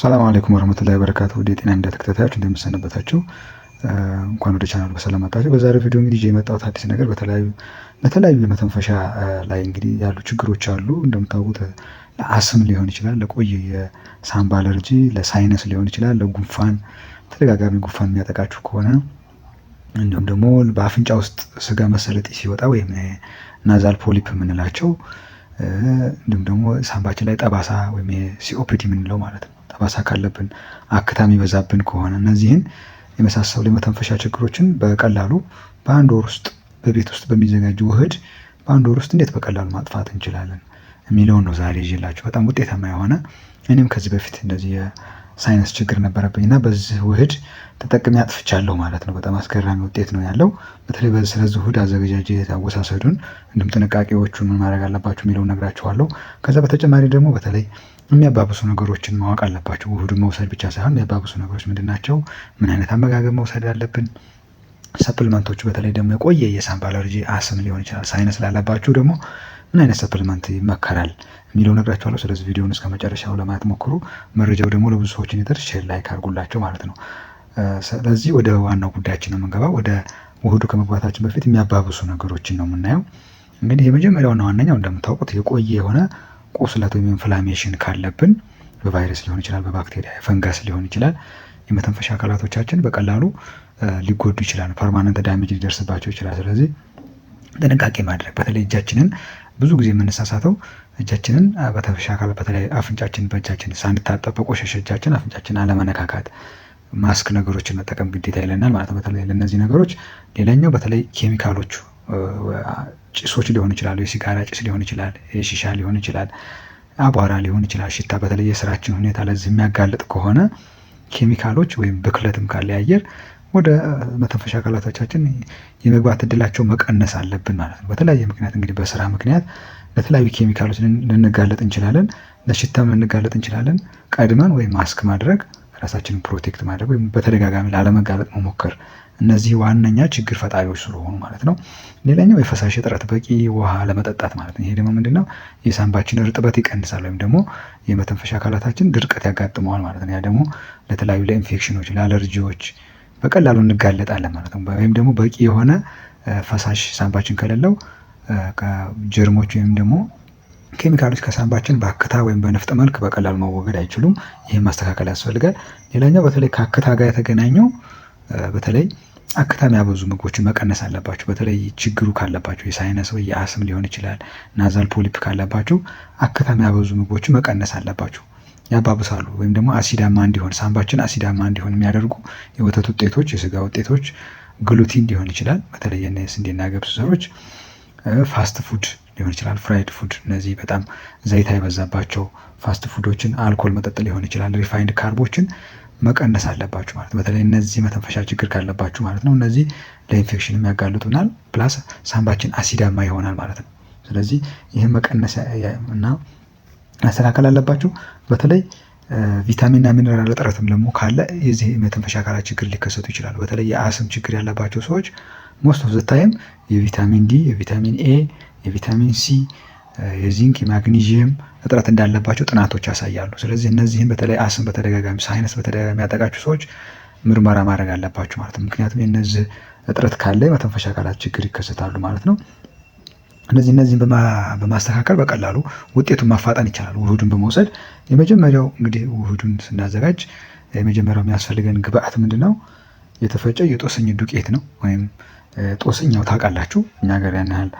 ሰላም አለይኩም ወረህመቱላሂ በረካቱ ወደ የጤና ሚዲያ ተከታታዮች እንደምሰነበታችሁ እንኳን ወደ ቻናሉ በሰላም መጣችሁ። በዛሬው ቪዲዮ እንግዲህ ይዤ የመጣሁት አዲስ ነገር በተለያዩ በተለያዩ የመተንፈሻ ላይ እንግዲህ ያሉ ችግሮች አሉ። እንደምታውቁት ለአስም ሊሆን ይችላል፣ ለቆየ የሳምባ አለርጂ፣ ለሳይነስ ሊሆን ይችላል፣ ለጉንፋን ተደጋጋሚ ጉንፋን የሚያጠቃችሁ ከሆነ እንዲሁም ደግሞ በአፍንጫ ውስጥ ስጋ መሰል ሲወጣ ወይም ናዛል ፖሊፕ የምንላቸው እንዲሁም ደግሞ ሳምባችን ላይ ጠባሳ ወይም ሲኦፒዲ የምንለው ማለት ነው ጠባሳ ካለብን፣ አክታ የሚበዛብን ከሆነ እነዚህን የመሳሰሉ የመተንፈሻ ችግሮችን በቀላሉ በአንድ ወር ውስጥ በቤት ውስጥ በሚዘጋጅ ውህድ በአንድ ወር ውስጥ እንዴት በቀላሉ ማጥፋት እንችላለን የሚለውን ነው ዛሬ ይዤላችሁ በጣም ውጤታማ የሆነ እኔም ከዚህ በፊት እንደዚህ ሳይነስ ችግር ነበረብኝ እና በዚህ ውህድ ተጠቅሜ አጥፍቻለሁ ማለት ነው። በጣም አስገራሚ ውጤት ነው ያለው። በተለይ በዚህ ስለዚህ ውህድ አዘገጃጀት፣ አወሳሰዱን እንዲሁም ጥንቃቄዎቹን ምን ማድረግ አለባቸው የሚለውን ነግራችኋለሁ። ከዛ በተጨማሪ ደግሞ በተለይ የሚያባብሱ ነገሮችን ማወቅ አለባቸው። ውህዱን መውሰድ ብቻ ሳይሆን የሚያባብሱ ነገሮች ምንድን ናቸው? ምን አይነት አመጋገብ መውሰድ አለብን? ሰፕልመንቶቹ በተለይ ደግሞ የቆየ የሳምባ አለርጂ አስም ሊሆን ይችላል ሳይነስ ላለባችሁ ደግሞ ምን አይነት ሰፕልመንት ይመከራል የሚለው ነግራችኋለሁ። ስለዚህ ቪዲዮውን እስከ መጨረሻው ለማየት ሞክሩ። መረጃው ደግሞ ለብዙ ሰዎች እንዲደርስ ሼር ላይክ አድርጉላቸው ማለት ነው። ስለዚህ ወደ ዋናው ጉዳያችን ነው የምንገባው። ወደ ውህዱ ከመግባታችን በፊት የሚያባብሱ ነገሮችን ነው የምናየው። እንግዲህ የመጀመሪያውና ዋነኛው እንደምታውቁት የቆየ የሆነ ቁስለት ወይም ኢንፍላሜሽን ካለብን በቫይረስ ሊሆን ይችላል፣ በባክቴሪያ ፈንጋስ ሊሆን ይችላል። የመተንፈሻ አካላቶቻችን በቀላሉ ሊጎዱ ይችላል፣ ፐርማነንት ዳሜጅ ሊደርስባቸው ይችላል። ስለዚህ ጥንቃቄ ማድረግ በተለይ እጃችንን ብዙ ጊዜ የምንሳሳተው እጃችንን በተፈሻ አካል በተለይ አፍንጫችን በእጃችን ሳንታጠብ በቆሸሸ እጃችን አፍንጫችን አለመነካካት ማስክ ነገሮችን መጠቀም ግዴታ ይለናል ማለት ነው። በተለይ ለእነዚህ ነገሮች ሌላኛው በተለይ ኬሚካሎቹ ጭሶች ሊሆን ይችላሉ። የሲጋራ ጭስ ሊሆን ይችላል፣ የሺሻ ሊሆን ይችላል፣ አቧራ ሊሆን ይችላል። ሽታ በተለይ የስራችን ሁኔታ ለዚህ የሚያጋልጥ ከሆነ ኬሚካሎች ወይም ብክለትም ካለ አየር ወደ መተንፈሻ አካላቶቻችን የመግባት እድላቸው መቀነስ አለብን ማለት ነው። በተለያየ ምክንያት እንግዲህ በስራ ምክንያት ለተለያዩ ኬሚካሎች ልንጋለጥ እንችላለን፣ ለሽታም ልንጋለጥ እንችላለን። ቀድመን ወይም ማስክ ማድረግ ራሳችንን ፕሮቴክት ማድረግ ወይም በተደጋጋሚ ላለመጋለጥ መሞከር እነዚህ ዋነኛ ችግር ፈጣሪዎች ስለሆኑ ማለት ነው። ሌላኛው የፈሳሽ እጥረት፣ በቂ ውሃ ለመጠጣት ማለት ነው። ይሄ ደግሞ ምንድነው የሳንባችን እርጥበት ይቀንሳል ወይም ደግሞ የመተንፈሻ አካላታችን ድርቀት ያጋጥመዋል ማለት ነው። ያ ደግሞ ለተለያዩ ለኢንፌክሽኖች፣ ለአለርጂዎች በቀላሉ እንጋለጣለን ማለት ነው። ወይም ደግሞ በቂ የሆነ ፈሳሽ ሳንባችን ከሌለው ጀርሞች ወይም ደግሞ ኬሚካሎች ከሳንባችን በአክታ ወይም በንፍጥ መልክ በቀላሉ መወገድ አይችሉም። ይህ ማስተካከል ያስፈልጋል። ሌላኛው በተለይ ከአክታ ጋር የተገናኘው በተለይ አክታ የሚያበዙ ምግቦችን መቀነስ አለባቸው። በተለይ ችግሩ ካለባቸው የሳይነስ ወይ የአስም ሊሆን ይችላል ናዛል ፖሊፕ ካለባቸው አክታ የሚያበዙ ምግቦችን መቀነስ አለባቸው። ያባብሳሉ ወይም ደግሞ አሲዳማ እንዲሆን ሳንባችን አሲዳማ እንዲሆን የሚያደርጉ የወተት ውጤቶች፣ የስጋ ውጤቶች፣ ግሉቲን ሊሆን ይችላል። በተለይ ስንዴና ገብስ ዘሮች፣ ፋስት ፉድ ሊሆን ይችላል፣ ፍራይድ ፉድ፣ እነዚህ በጣም ዘይታ የበዛባቸው ፋስት ፉዶችን፣ አልኮል መጠጥ ሊሆን ይችላል፣ ሪፋይንድ ካርቦችን መቀነስ አለባችሁ ማለት በተለይ እነዚህ መተንፈሻ ችግር ካለባችሁ ማለት ነው። እነዚህ ለኢንፌክሽንም ያጋልጡናል፣ ፕላስ ሳምባችን አሲዳማ ይሆናል ማለት ነው። ስለዚህ ይህ መቀነስ እና መስተካከል አለባቸው። በተለይ ቪታሚንና ሚነራል እጥረትም ደግሞ ካለ የዚህ መተንፈሻ አካላት ችግር ሊከሰቱ ይችላሉ። በተለይ የአስም ችግር ያለባቸው ሰዎች ሞስት ኦፍ ዘ ታይም የቪታሚን ዲ፣ የቪታሚን ኤ፣ የቪታሚን ሲ፣ የዚንክ፣ የማግኒዥየም እጥረት እንዳለባቸው ጥናቶች ያሳያሉ። ስለዚህ እነዚህን በተለይ አስም በተደጋጋሚ ሳይነስ በተደጋጋሚ ያጠቃችሁ ሰዎች ምርመራ ማድረግ አለባቸው ማለት ነው። ምክንያቱም የነዚህ እጥረት ካለ የመተንፈሻ አካላት ችግር ይከሰታሉ ማለት ነው። እነዚህ እነዚህን በማስተካከል በቀላሉ ውጤቱን ማፋጠን ይቻላል። ውህዱን በመውሰድ የመጀመሪያው እንግዲህ ውህዱን ስናዘጋጅ የመጀመሪያው የሚያስፈልገን ግብአት ምንድን ነው? የተፈጨ የጦስኝ ዱቄት ነው። ወይም ጦስኛው ታውቃላችሁ፣ እኛ ሀገር ያን ያህል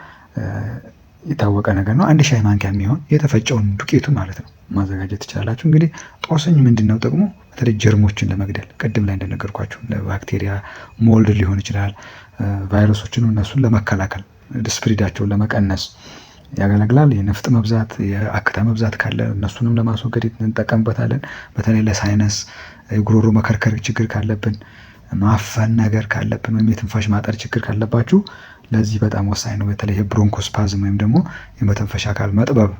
የታወቀ ነገር ነው። አንድ ሻይ ማንኪያ የሚሆን የተፈጨውን ዱቄቱ ማለት ነው ማዘጋጀት ትችላላችሁ። እንግዲህ ጦስኝ ምንድን ነው ጥቅሙ? በተለይ ጀርሞችን ለመግደል ቅድም ላይ እንደነገርኳችሁ ባክቴሪያ፣ ሞልድ ሊሆን ይችላል ቫይረሶችን እነሱን ለመከላከል ስፕሪዳቸውን ለመቀነስ ያገለግላል። የነፍጥ መብዛት፣ የአክታ መብዛት ካለ እነሱንም ለማስወገድ እንጠቀምበታለን። በተለይ ለሳይነስ የጉሮሮ መከርከር ችግር ካለብን፣ ማፈን ነገር ካለብን ወይም የትንፋሽ ማጠር ችግር ካለባችሁ ለዚህ በጣም ወሳኝ ነው። በተለይ የብሮንኮስፓዝም ወይም ደግሞ የመተንፈሻ አካል መጥበብ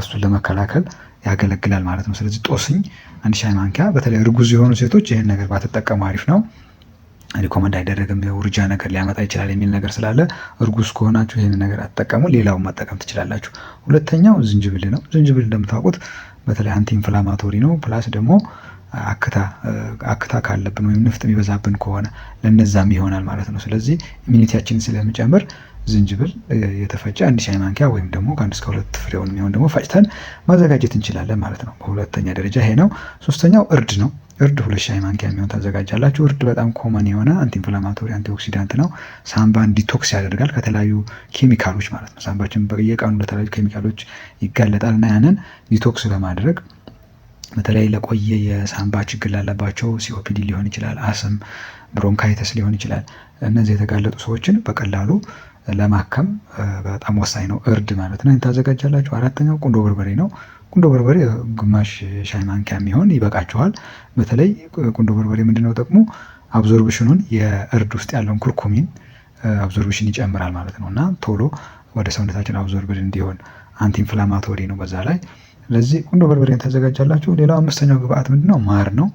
እሱን ለመከላከል ያገለግላል ማለት ነው። ስለዚህ ጦስኝ አንድ ሻይ ማንኪያ፣ በተለይ እርጉዝ የሆኑ ሴቶች ይህን ነገር ባትጠቀሙ አሪፍ ነው። ሪኮመንድ አይደረግም የውርጃ ነገር ሊያመጣ ይችላል የሚል ነገር ስላለ እርጉዝ ከሆናችሁ ይህን ነገር አትጠቀሙ፣ ሌላውን መጠቀም ትችላላችሁ። ሁለተኛው ዝንጅብል ነው። ዝንጅብል እንደምታውቁት በተለይ አንቲ ኢንፍላማቶሪ ነው። ፕላስ ደግሞ አክታ አክታ ካለብን ወይም ንፍጥ የሚበዛብን ከሆነ ለነዛም ይሆናል ማለት ነው። ስለዚህ ኢሚኒቲያችን ስለሚጨምር ዝንጅብል የተፈጨ አንድ ሻይ ማንኪያ ወይም ደግሞ ከአንድ እስከ ሁለት ፍሬውን የሚሆን ደግሞ ፈጭተን ማዘጋጀት እንችላለን ማለት ነው። በሁለተኛ ደረጃ ይሄ ነው። ሶስተኛው እርድ ነው። እርድ ሁለት ሻይ ማንኪያ የሚሆን ታዘጋጃላችሁ። እርድ በጣም ኮመን የሆነ አንቲኢንፍላማቶሪ አንቲኦክሲዳንት ነው። ሳምባን ዲቶክስ ያደርጋል ከተለያዩ ኬሚካሎች ማለት ነው። ሳምባችን በየቀኑ ለተለያዩ ኬሚካሎች ይጋለጣል እና ያንን ዲቶክስ ለማድረግ በተለይ ለቆየ የሳምባ ችግር ላለባቸው ሲኦፒዲ ሊሆን ይችላል፣ አስም፣ ብሮንካይተስ ሊሆን ይችላል። እነዚህ የተጋለጡ ሰዎችን በቀላሉ ለማከም በጣም ወሳኝ ነው እርድ ማለት ነው። ታዘጋጃላችሁ። አራተኛው ቁንዶ በርበሬ ነው። ቁንዶ በርበሬ ግማሽ ሻይ ማንኪያ የሚሆን ይበቃቸዋል በተለይ ቁንዶ በርበሬ ምንድነው ጥቅሙ? አብዞርብሽኑን የእርድ ውስጥ ያለውን ኩርኩሚን አብዞርብሽን ይጨምራል ማለት ነው እና ቶሎ ወደ ሰውነታችን አብዞርብድ እንዲሆን አንቲ ኢንፍላማቶሪ ነው። በዛ ላይ ለዚህ ቁንዶ በርበሬን ታዘጋጃላችሁ። ሌላው አምስተኛው ግብአት ምንድነው? ማር ነው።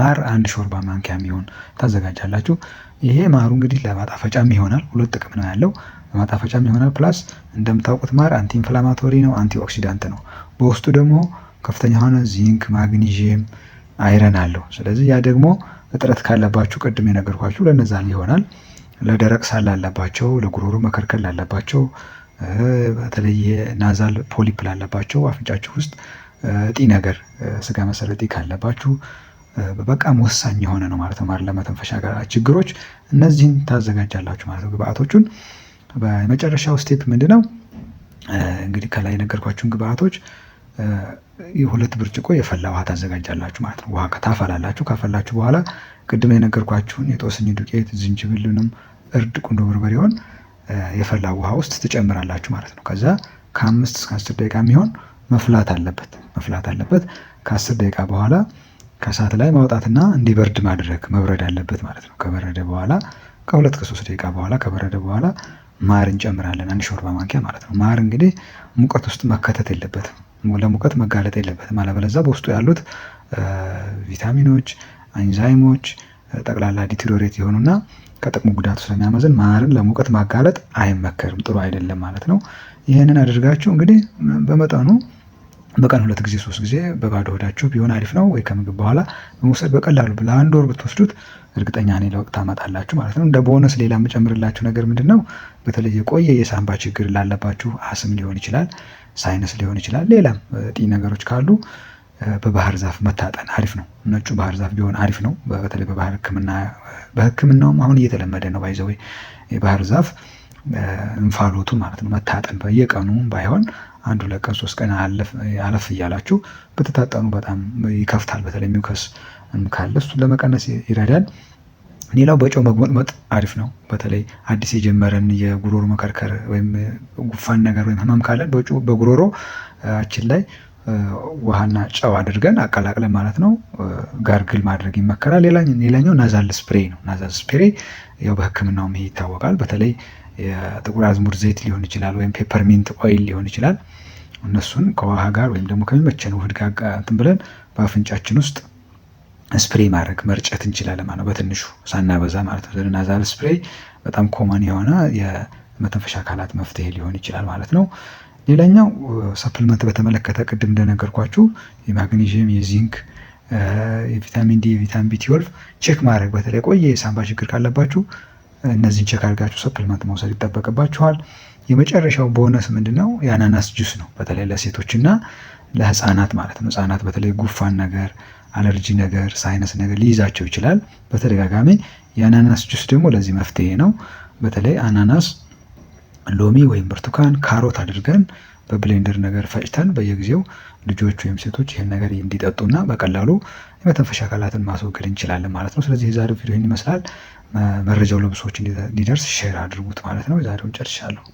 ማር አንድ ሾርባ ማንኪያ የሚሆን ታዘጋጃላችሁ። ይሄ ማሩ እንግዲህ ለማጣፈጫም ይሆናል። ሁለት ጥቅም ነው ያለው። ማጣፈጫም ይሆናል። ፕላስ እንደምታውቁት ማር አንቲ ኢንፍላማቶሪ ነው፣ አንቲ ኦክሲዳንት ነው። በውስጡ ደግሞ ከፍተኛ የሆነ ዚንክ፣ ማግኒዥየም፣ አይረን አለው። ስለዚህ ያ ደግሞ እጥረት ካለባችሁ ቅድም የነገርኳችሁ ለነዛ ይሆናል። ለደረቅ ሳል ላለባቸው፣ ለጉሮሮ መከርከል ላለባቸው፣ በተለየ ናዛል ፖሊፕ ላለባቸው አፍንጫችሁ ውስጥ እጢ ነገር ስጋ መሰል እጢ ካለባችሁ በጣም ወሳኝ የሆነ ነው ማለት ነው። ማር ለመተንፈሻ ችግሮች እነዚህን ታዘጋጃላችሁ ማለት ነው ግብአቶቹን በመጨረሻው ስቴፕ ነው እንግዲህ ከላይ የነገርኳችሁን ግብአቶች ሁለት ብርጭቆ የፈላ ውሃ ታዘጋጃላችሁ ማለት ነው። ውሃ ታፈላላችሁ። ካፈላችሁ በኋላ ቅድም የነገርኳችሁን የጦስኝ ዱቄት፣ ዝንጅብልንም፣ እርድ፣ ቁንዶ በርበሬውን የፈላ ውሃ ውስጥ ትጨምራላችሁ ማለት ነው። ከዛ ከአምስት እስከ አስር ደቂቃ የሚሆን መፍላት አለበት መፍላት አለበት። ከአስር ደቂቃ በኋላ ከእሳት ላይ ማውጣትና እንዲበርድ ማድረግ መብረድ አለበት ማለት ነው። ከበረደ በኋላ ከሁለት ከሶስት ደቂቃ በኋላ ከበረደ በኋላ ማር እንጨምራለን አንድ ሾርባ ማንኪያ ማለት ነው። ማር እንግዲህ ሙቀት ውስጥ መከተት የለበትም ለሙቀት መጋለጥ የለበትም። አለበለዚያ በውስጡ ያሉት ቪታሚኖች፣ አንዛይሞች ጠቅላላ ዲትሮሬት የሆኑና ከጥቅሙ ጉዳቱ ስለሚያመዝን ማርን ለሙቀት ማጋለጥ አይመከርም፣ ጥሩ አይደለም ማለት ነው። ይህንን አድርጋችሁ እንግዲህ በመጠኑ በቀን ሁለት ጊዜ ሶስት ጊዜ በባዶ ሆዳችሁ ቢሆን አሪፍ ነው። ወይ ከምግብ በኋላ በመውሰድ በቀላሉ ለአንድ ወር ብትወስዱት እርግጠኛ ነኝ ለውጥ ታመጣላችሁ ማለት ነው። እንደ ቦነስ ሌላ የምጨምርላችሁ ነገር ምንድን ነው፣ በተለይ የቆየ የሳንባ ችግር ላለባችሁ አስም ሊሆን ይችላል፣ ሳይነስ ሊሆን ይችላል፣ ሌላም ጢ ነገሮች ካሉ በባህር ዛፍ መታጠን አሪፍ ነው። ነጩ ባህር ዛፍ ቢሆን አሪፍ ነው። በተለይ በባህር ሕክምና በሕክምናውም አሁን እየተለመደ ነው። ባይዘወይ የባህር ዛፍ እንፋሎቱ ማለት ነው መታጠን በየቀኑ ባይሆን አንድ ሁለት ቀን ሶስት ቀን አለፍ እያላችሁ ብትታጠኑ በጣም ይከፍታል። በተለይ ሚውከስ ካለ እሱ ለመቀነስ ይረዳል። ሌላው በጨው መጉመጥመጥ አሪፍ ነው። በተለይ አዲስ የጀመረን የጉሮሮ መከርከር ወይም ጉፋን ነገር ወይም ህመም ካለን አችን ላይ ውሃና ጨው አድርገን አቀላቅለን ማለት ነው ጋርግል ማድረግ ይመከራል። ሌላኛው ናዛል ስፕሬ ነው። ናዛል ስፕሬ ያው በህክምናውም ይታወቃል። በተለይ የጥቁር አዝሙድ ዘይት ሊሆን ይችላል፣ ወይም ፔፐርሚንት ኦይል ሊሆን ይችላል። እነሱን ከውሃ ጋር ወይም ደግሞ ከሚመቸን ውህድ ጋር እንትን ብለን በአፍንጫችን ውስጥ ስፕሬይ ማድረግ መርጨት እንችላለን ማለት ነው። በትንሹ ሳናበዛ ማለት ነው። ናዛል ስፕሬይ በጣም ኮመን የሆነ የመተንፈሻ አካላት መፍትሄ ሊሆን ይችላል ማለት ነው። ሌላኛው ሰፕልመንት በተመለከተ ቅድም እንደነገርኳችሁ የማግኔዥየም፣ የዚንክ፣ የቪታሚን ዲ፣ የቪታሚን ቢ ትዌልቭ ቼክ ማድረግ በተለይ ቆየ የሳንባ ችግር ካለባችሁ እነዚህን ቼክ አድርጋችሁ ሰፕልመንት መውሰድ ይጠበቅባችኋል። የመጨረሻው ቦነስ ምንድን ነው? የአናናስ ጁስ ነው። በተለይ ለሴቶችና ለህፃናት ማለት ነው። ህፃናት በተለይ ጉፋን ነገር፣ አለርጂ ነገር፣ ሳይነስ ነገር ሊይዛቸው ይችላል በተደጋጋሚ። የአናናስ ጁስ ደግሞ ለዚህ መፍትሄ ነው። በተለይ አናናስ ሎሚ ወይም ብርቱካን፣ ካሮት አድርገን በብሌንደር ነገር ፈጭተን በየጊዜው ልጆች ወይም ሴቶች ይህን ነገር እንዲጠጡና በቀላሉ የመተንፈሻ አካላትን ማስወገድ እንችላለን ማለት ነው። ስለዚህ የዛሬው ቪዲዮ ይህን ይመስላል። መረጃው ለብዙዎች እንዲደርስ ሼር አድርጉት ማለት ነው። የዛሬውን ጨርሻለሁ።